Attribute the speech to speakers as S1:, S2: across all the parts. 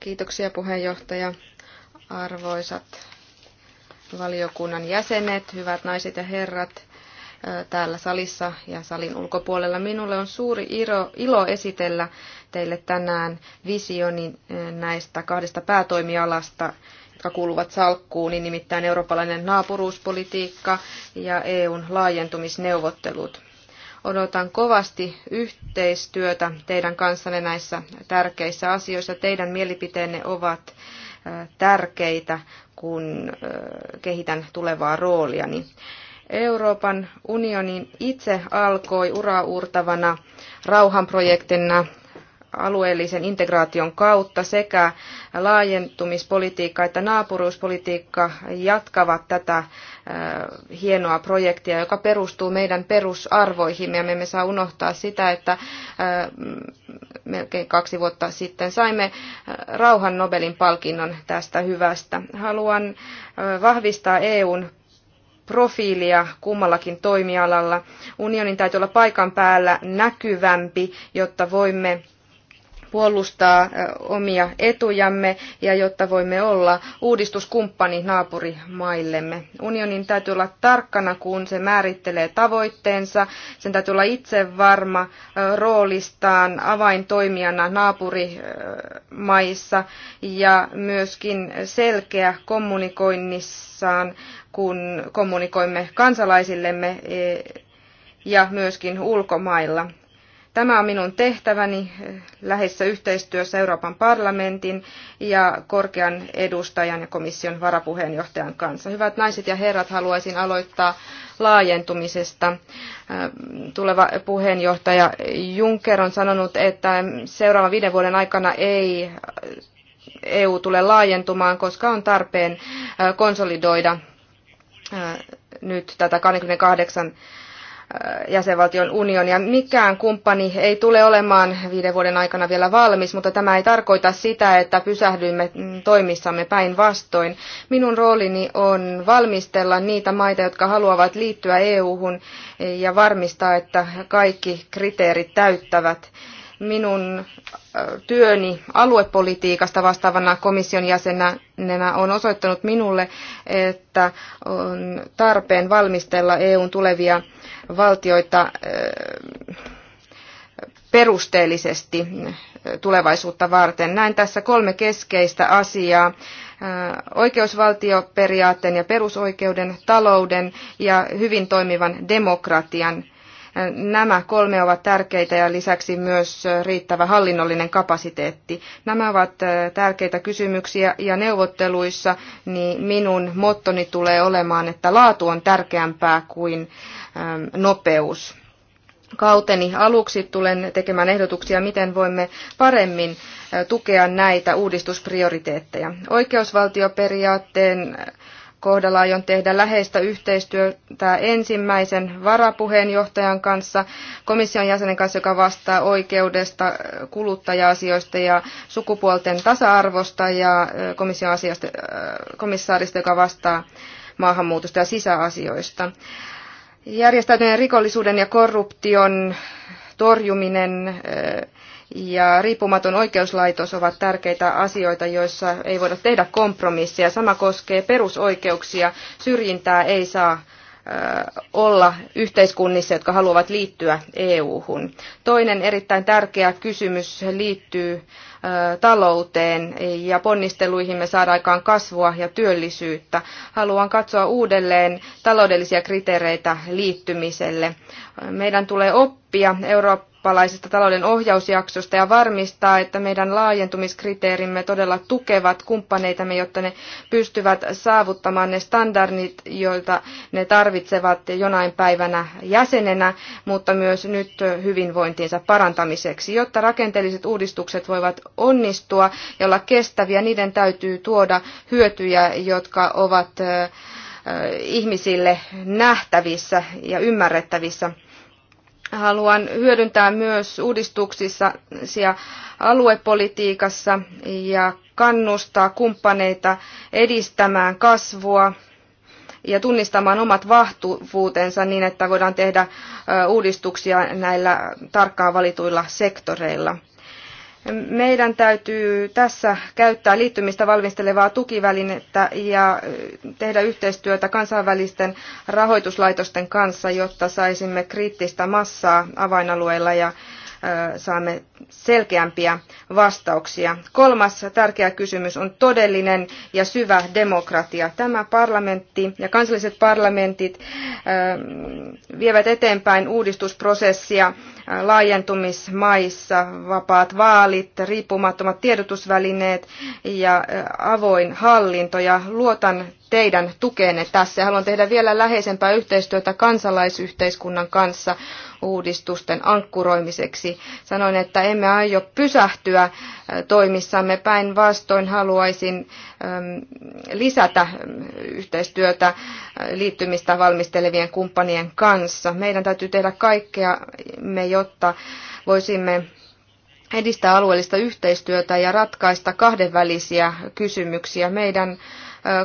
S1: Kiitoksia puheenjohtaja. Arvoisat valiokunnan jäsenet, hyvät naiset ja herrat täällä salissa ja salin ulkopuolella. Minulle on suuri ilo, ilo esitellä teille tänään visioni näistä kahdesta päätoimialasta, jotka kuuluvat salkkuun, niin nimittäin eurooppalainen naapuruuspolitiikka ja EUn laajentumisneuvottelut. Odotan kovasti yhteistyötä teidän kanssanne näissä tärkeissä asioissa. Teidän mielipiteenne ovat tärkeitä, kun kehitän tulevaa rooliani. Euroopan unioni itse alkoi uurtavana rauhanprojektina alueellisen integraation kautta sekä laajentumispolitiikka että naapuruuspolitiikka jatkavat tätä hienoa projektia, joka perustuu meidän perusarvoihimme. Ja me emme saa unohtaa sitä, että melkein kaksi vuotta sitten saimme rauhan Nobelin palkinnon tästä hyvästä. Haluan vahvistaa EUn profiilia kummallakin toimialalla. Unionin täytyy olla paikan päällä näkyvämpi, jotta voimme puolustaa omia etujamme ja jotta voimme olla uudistuskumppani naapurimaillemme. Unionin täytyy olla tarkkana, kun se määrittelee tavoitteensa. Sen täytyy olla itse varma roolistaan avaintoimijana naapurimaissa ja myöskin selkeä kommunikoinnissaan, kun kommunikoimme kansalaisillemme e, ja myöskin ulkomailla. Tämä on minun tehtäväni eh, läheisessä yhteistyössä Euroopan parlamentin ja korkean edustajan ja komission varapuheenjohtajan kanssa. Hyvät naiset ja herrat, haluaisin aloittaa laajentumisesta. Eh, tuleva puheenjohtaja Juncker on sanonut, että seuraavan viiden vuoden aikana ei EU eh, e tule laajentumaan, koska on tarpeen konsolidoida nyt tätä 28 Äh, jäsenvaltion unionia. Mikään kumppani ei tule olemaan viiden vuoden aikana vielä valmis, mutta tämä ei tarkoita sitä, että pysähdyimme toimissamme päinvastoin. Minun roolini on valmistella niitä maita, jotka haluavat liittyä EU-hun ja varmistaa, että kaikki kriteerit täyttävät minun työni aluepolitiikasta vastaavana komission jäsenenä on osoittanut minulle, että on tarpeen valmistella EUn tulevia valtioita perusteellisesti tulevaisuutta varten. Näin tässä kolme keskeistä asiaa oikeusvaltioperiaatteen ja perusoikeuden, talouden ja hyvin toimivan demokratian – Nämä kolme ovat tärkeitä ja lisäksi myös riittävä hallinnollinen kapasiteetti. Nämä ovat tärkeitä kysymyksiä ja neuvotteluissa niin minun mottoni tulee olemaan, että laatu on tärkeämpää kuin nopeus. Kauteni aluksi tulen tekemään ehdotuksia, miten voimme paremmin tukea näitä uudistusprioriteetteja. Oikeusvaltioperiaatteen kohdalla aion tehdä läheistä yhteistyötä ensimmäisen varapuheenjohtajan kanssa, komission jäsenen kanssa, joka vastaa oikeudesta, kuluttaja-asioista ja sukupuolten tasa-arvosta ja komission asiasta, komissaarista, joka vastaa maahanmuutosta ja sisäasioista. Järjestäytyneen rikollisuuden ja korruption torjuminen ja riippumaton oikeuslaitos ovat tärkeitä asioita, joissa ei voida tehdä kompromisseja. Sama koskee perusoikeuksia. Syrjintää ei saa olla yhteiskunnissa, jotka haluavat liittyä EU-hun. Toinen erittäin tärkeä kysymys liittyy talouteen ja ponnisteluihimme saada aikaan kasvua ja työllisyyttä. Haluan katsoa uudelleen taloudellisia kriteereitä liittymiselle. Meidän tulee oppia eurooppalaisesta talouden ohjausjaksosta ja varmistaa, että meidän laajentumiskriteerimme todella tukevat kumppaneitamme, jotta ne pystyvät saavuttamaan ne standardit, joita ne tarvitsevat jonain päivänä jäsenenä, mutta myös nyt hyvinvointinsa parantamiseksi, jotta rakenteelliset uudistukset voivat onnistua ja olla kestäviä, niiden täytyy tuoda hyötyjä, jotka ovat ihmisille nähtävissä ja ymmärrettävissä. Haluan hyödyntää myös uudistuksissa ja aluepolitiikassa ja kannustaa kumppaneita edistämään kasvua ja tunnistamaan omat vahvuutensa niin, että voidaan tehdä uudistuksia näillä tarkkaan valituilla sektoreilla. Meidän täytyy tässä käyttää liittymistä valmistelevaa tukivälinettä ja tehdä yhteistyötä kansainvälisten rahoituslaitosten kanssa, jotta saisimme kriittistä massaa avainalueilla ja saamme selkeämpiä vastauksia. Kolmas tärkeä kysymys on todellinen ja syvä demokratia. Tämä parlamentti ja kansalliset parlamentit vievät eteenpäin uudistusprosessia laajentumismaissa, vapaat vaalit, riippumattomat tiedotusvälineet ja avoin hallinto. Ja luotan teidän tukeenne tässä. Haluan tehdä vielä läheisempää yhteistyötä kansalaisyhteiskunnan kanssa uudistusten ankkuroimiseksi. Sanoin, että emme aio pysähtyä toimissamme. Päinvastoin haluaisin lisätä yhteistyötä liittymistä valmistelevien kumppanien kanssa. Meidän täytyy tehdä kaikkea me, jotta voisimme edistää alueellista yhteistyötä ja ratkaista kahdenvälisiä kysymyksiä. Meidän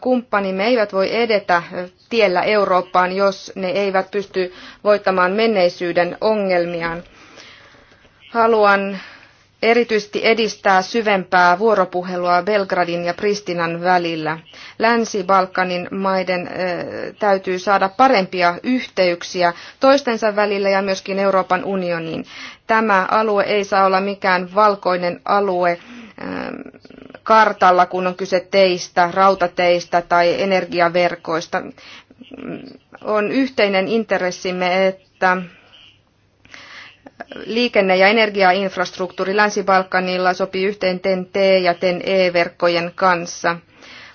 S1: kumppanimme eivät voi edetä tiellä Eurooppaan, jos ne eivät pysty voittamaan menneisyyden ongelmiaan. Haluan erityisesti edistää syvempää vuoropuhelua Belgradin ja Pristinan välillä. Länsi-Balkanin maiden täytyy saada parempia yhteyksiä toistensa välillä ja myöskin Euroopan unioniin. Tämä alue ei saa olla mikään valkoinen alue kartalla, kun on kyse teistä, rautateistä tai energiaverkoista. Mm, on yhteinen intressimme, että liikenne- ja energiainfrastruktuuri Länsi-Balkanilla sopii yhteen TEN-T ja TEN-E-verkkojen kanssa.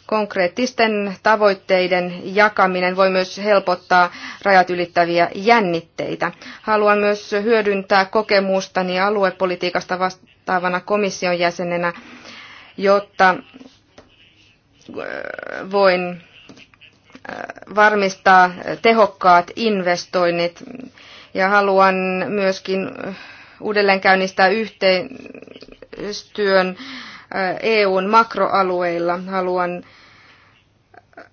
S1: Konkreettisten tavoitteiden jakaminen voi myös helpottaa rajat ylittäviä jännitteitä. Haluan myös hyödyntää kokemustani aluepolitiikasta vastaavana komission jäsenenä, jotta äh, voin äh, varmistaa tehokkaat investoinnit ja haluan myöskin uudelleen käynnistää yhteistyön äh, EUn makroalueilla. Haluan äh,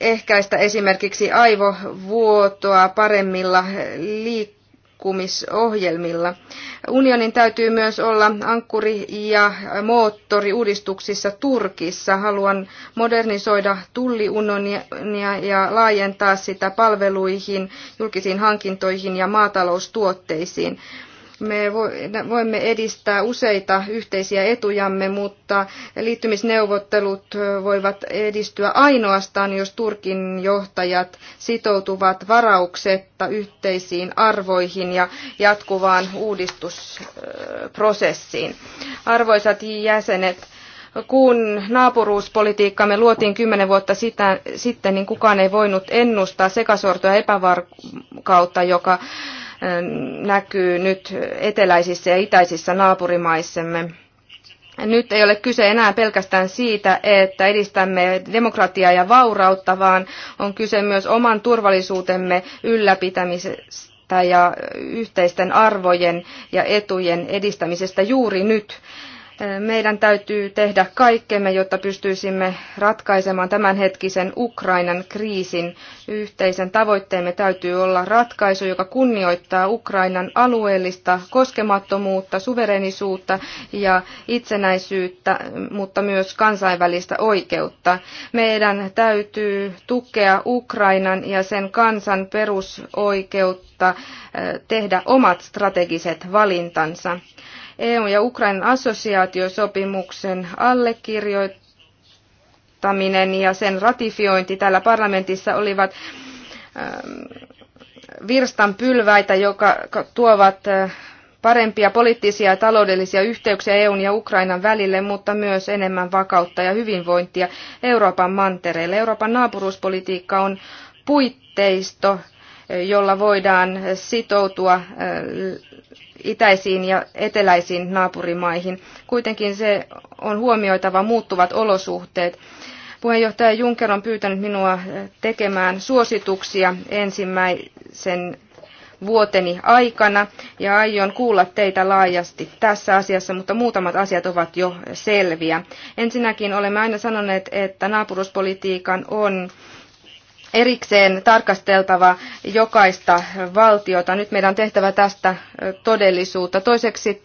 S1: ehkäistä esimerkiksi aivovuotoa paremmilla liikkumisohjelmilla. Unionin täytyy myös olla ankkuri ja moottori uudistuksissa Turkissa. Haluan modernisoida tulliunionia ja laajentaa sitä palveluihin, julkisiin hankintoihin ja maataloustuotteisiin. Me voimme edistää useita yhteisiä etujamme, mutta liittymisneuvottelut voivat edistyä ainoastaan, jos Turkin johtajat sitoutuvat varauksetta yhteisiin arvoihin ja jatkuvaan uudistusprosessiin. Arvoisat jäsenet, kun naapuruuspolitiikkamme luotiin kymmenen vuotta sitä, sitten, niin kukaan ei voinut ennustaa sekasortoa epävarkautta, joka näkyy nyt eteläisissä ja itäisissä naapurimaissamme. Nyt ei ole kyse enää pelkästään siitä, että edistämme demokratiaa ja vaurautta, vaan on kyse myös oman turvallisuutemme ylläpitämisestä ja yhteisten arvojen ja etujen edistämisestä juuri nyt. Meidän täytyy tehdä kaikkemme, jotta pystyisimme ratkaisemaan tämänhetkisen Ukrainan kriisin. Yhteisen tavoitteemme täytyy olla ratkaisu, joka kunnioittaa Ukrainan alueellista koskemattomuutta, suverenisuutta ja itsenäisyyttä, mutta myös kansainvälistä oikeutta. Meidän täytyy tukea Ukrainan ja sen kansan perusoikeutta eh, tehdä omat strategiset valintansa. EU ja Ukrainan assosiaatiosopimuksen allekirjoittaminen ja sen ratifiointi täällä parlamentissa olivat ähm, virstan pylväitä, tuovat äh, parempia poliittisia ja taloudellisia yhteyksiä EUn ja Ukrainan välille, mutta myös enemmän vakautta ja hyvinvointia Euroopan mantereelle. Euroopan naapuruuspolitiikka on puitteisto, jolla voidaan sitoutua äh, itäisiin ja eteläisiin naapurimaihin. Kuitenkin se on huomioitava muuttuvat olosuhteet. Puheenjohtaja Juncker on pyytänyt minua tekemään suosituksia ensimmäisen vuoteni aikana ja aion kuulla teitä laajasti tässä asiassa, mutta muutamat asiat ovat jo selviä. Ensinnäkin olemme aina sanoneet, että naapuruspolitiikan on erikseen tarkasteltava jokaista valtiota. Nyt meidän on tehtävä tästä todellisuutta. Toiseksi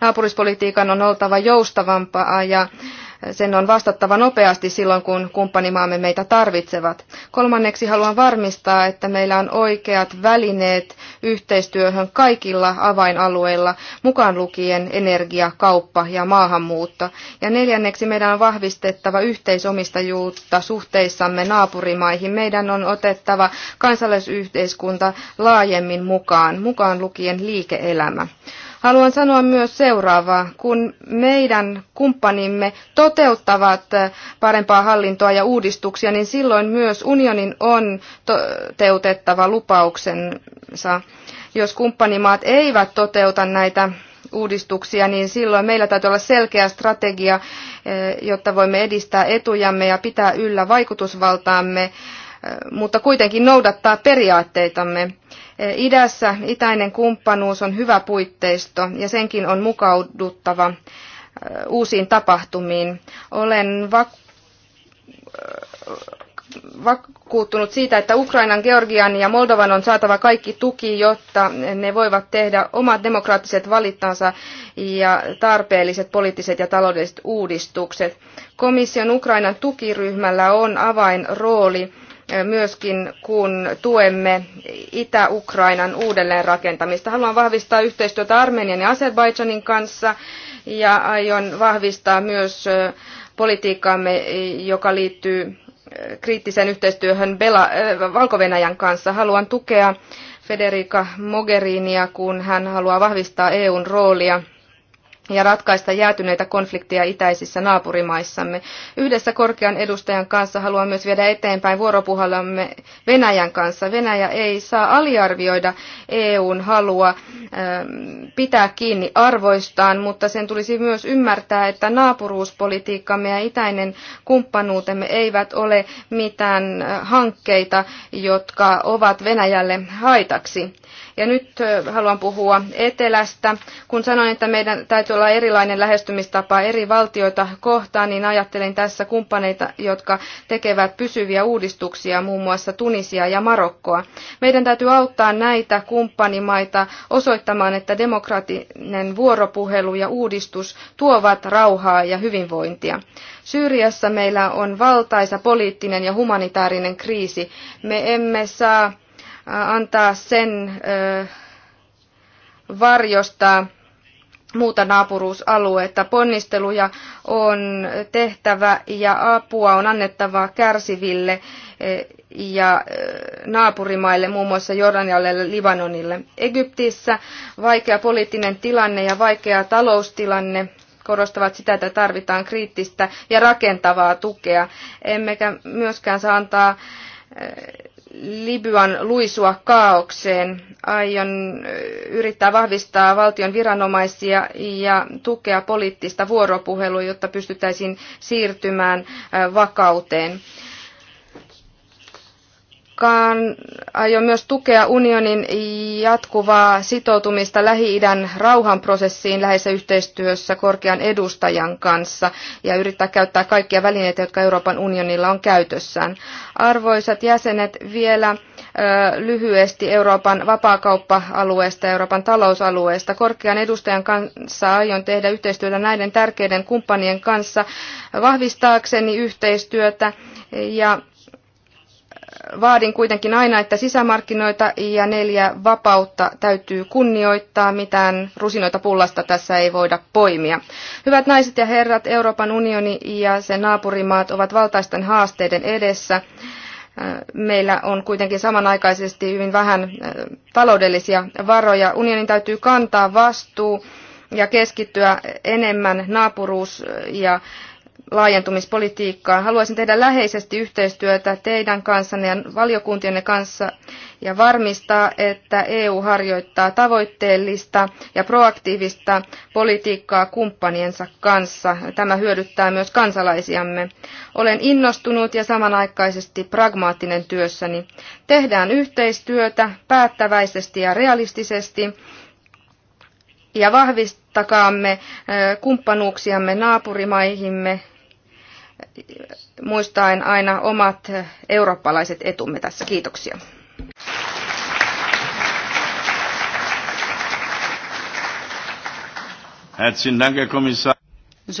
S1: naapurispolitiikan on oltava joustavampaa ja sen on vastattava nopeasti silloin, kun kumppanimaamme meitä tarvitsevat. Kolmanneksi haluan varmistaa, että meillä on oikeat välineet yhteistyöhön kaikilla avainalueilla, mukaan lukien energia, kauppa ja maahanmuutto. Ja neljänneksi meidän on vahvistettava yhteisomistajuutta suhteissamme naapurimaihin. Meidän on otettava kansalaisyhteiskunta laajemmin mukaan, mukaan lukien liike-elämä. Haluan sanoa myös seuraavaa. Kun meidän kumppanimme toteuttavat parempaa hallintoa ja uudistuksia, niin silloin myös unionin on toteutettava lupauksensa. Jos kumppanimaat eivät toteuta näitä uudistuksia, niin silloin meillä täytyy olla selkeä strategia, eh, jotta voimme edistää etujamme ja pitää yllä vaikutusvaltaamme, eh, mutta kuitenkin noudattaa periaatteitamme. Eh, idässä itäinen kumppanuus on hyvä puitteisto ja senkin on mukauduttava eh, uusiin tapahtumiin. Olen vak- eh, vakuuttunut siitä, että Ukrainan, Georgian ja Moldovan on saatava kaikki tuki, jotta ne voivat tehdä omat demokraattiset valittansa ja tarpeelliset poliittiset ja taloudelliset uudistukset. Komission Ukrainan tukiryhmällä on avainrooli myöskin kun tuemme Itä-Ukrainan uudelleenrakentamista. Haluan vahvistaa yhteistyötä Armenian ja Azerbaidžanin kanssa ja aion vahvistaa myös politiikkaamme, joka liittyy kriittiseen yhteistyöhön Bela, äh, Valko-Venäjän kanssa. Haluan tukea Federica Mogherinia, kun hän haluaa vahvistaa EUn roolia – ja ratkaista jäätyneitä konflikteja itäisissä naapurimaissamme. Yhdessä korkean edustajan kanssa haluan myös viedä eteenpäin vuoropuhallamme Venäjän kanssa. Venäjä ei saa aliarvioida EUn halua ähm, pitää kiinni arvoistaan, mutta sen tulisi myös ymmärtää, että naapuruuspolitiikkamme ja itäinen kumppanuutemme eivät ole mitään äh, hankkeita, jotka ovat Venäjälle haitaksi. Ja nyt äh, haluan puhua etelästä. Kun sanoin, että meidän täytyy olla todella erilainen lähestymistapa eri valtioita kohtaan, niin ajattelin tässä kumppaneita, jotka tekevät pysyviä uudistuksia, muun muassa Tunisia ja Marokkoa. Meidän täytyy auttaa näitä kumppanimaita osoittamaan, että demokraattinen vuoropuhelu ja uudistus tuovat rauhaa ja hyvinvointia. Syyriassa meillä on valtaisa poliittinen ja humanitaarinen kriisi. Me emme saa antaa sen varjosta muuta naapuruusaluetta. Ponnisteluja on tehtävä ja apua on annettava kärsiville eh, ja eh, naapurimaille, muun muassa Jordanialle ja Libanonille. Egyptissä vaikea poliittinen tilanne ja vaikea taloustilanne korostavat sitä, että tarvitaan kriittistä ja rakentavaa tukea. Emmekä myöskään saa antaa eh, Libyan luisua kaaukseen. Aion yrittää vahvistaa valtion viranomaisia ja tukea poliittista vuoropuhelua, jotta pystyttäisiin siirtymään vakauteen mukaan aion myös tukea unionin jatkuvaa sitoutumista Lähi-idän rauhanprosessiin läheisessä yhteistyössä korkean edustajan kanssa ja yrittää käyttää kaikkia välineitä, jotka Euroopan unionilla on käytössään. Arvoisat jäsenet, vielä lyhyesti Euroopan vapaakauppa-alueesta ja Euroopan talousalueesta. Korkean edustajan kanssa aion tehdä yhteistyötä näiden tärkeiden kumppanien kanssa vahvistaakseni yhteistyötä ja Vaadin kuitenkin aina, että sisämarkkinoita ja neljä vapautta täytyy kunnioittaa, mitään rusinoita pullasta tässä ei voida poimia. Hyvät naiset ja herrat, Euroopan unioni ja sen naapurimaat ovat valtaisten haasteiden edessä meillä on kuitenkin samanaikaisesti hyvin vähän taloudellisia varoja. Unionin täytyy kantaa vastuu ja keskittyä enemmän naapuruus- ja laajentumispolitiikkaa. Haluaisin tehdä läheisesti yhteistyötä teidän kanssanne ja valiokuntienne kanssa ja varmistaa, että EU harjoittaa tavoitteellista ja proaktiivista politiikkaa kumppaniensa kanssa. Tämä hyödyttää myös kansalaisiamme. Olen innostunut ja samanaikaisesti pragmaattinen työssäni. Tehdään yhteistyötä päättäväisesti ja realistisesti ja vahvistakaamme eh, kumppanuuksiamme naapurimaihimme muistaen aina omat eurooppalaiset etumme tässä. Kiitoksia. Herzlichen Dank, Herr Kommissar.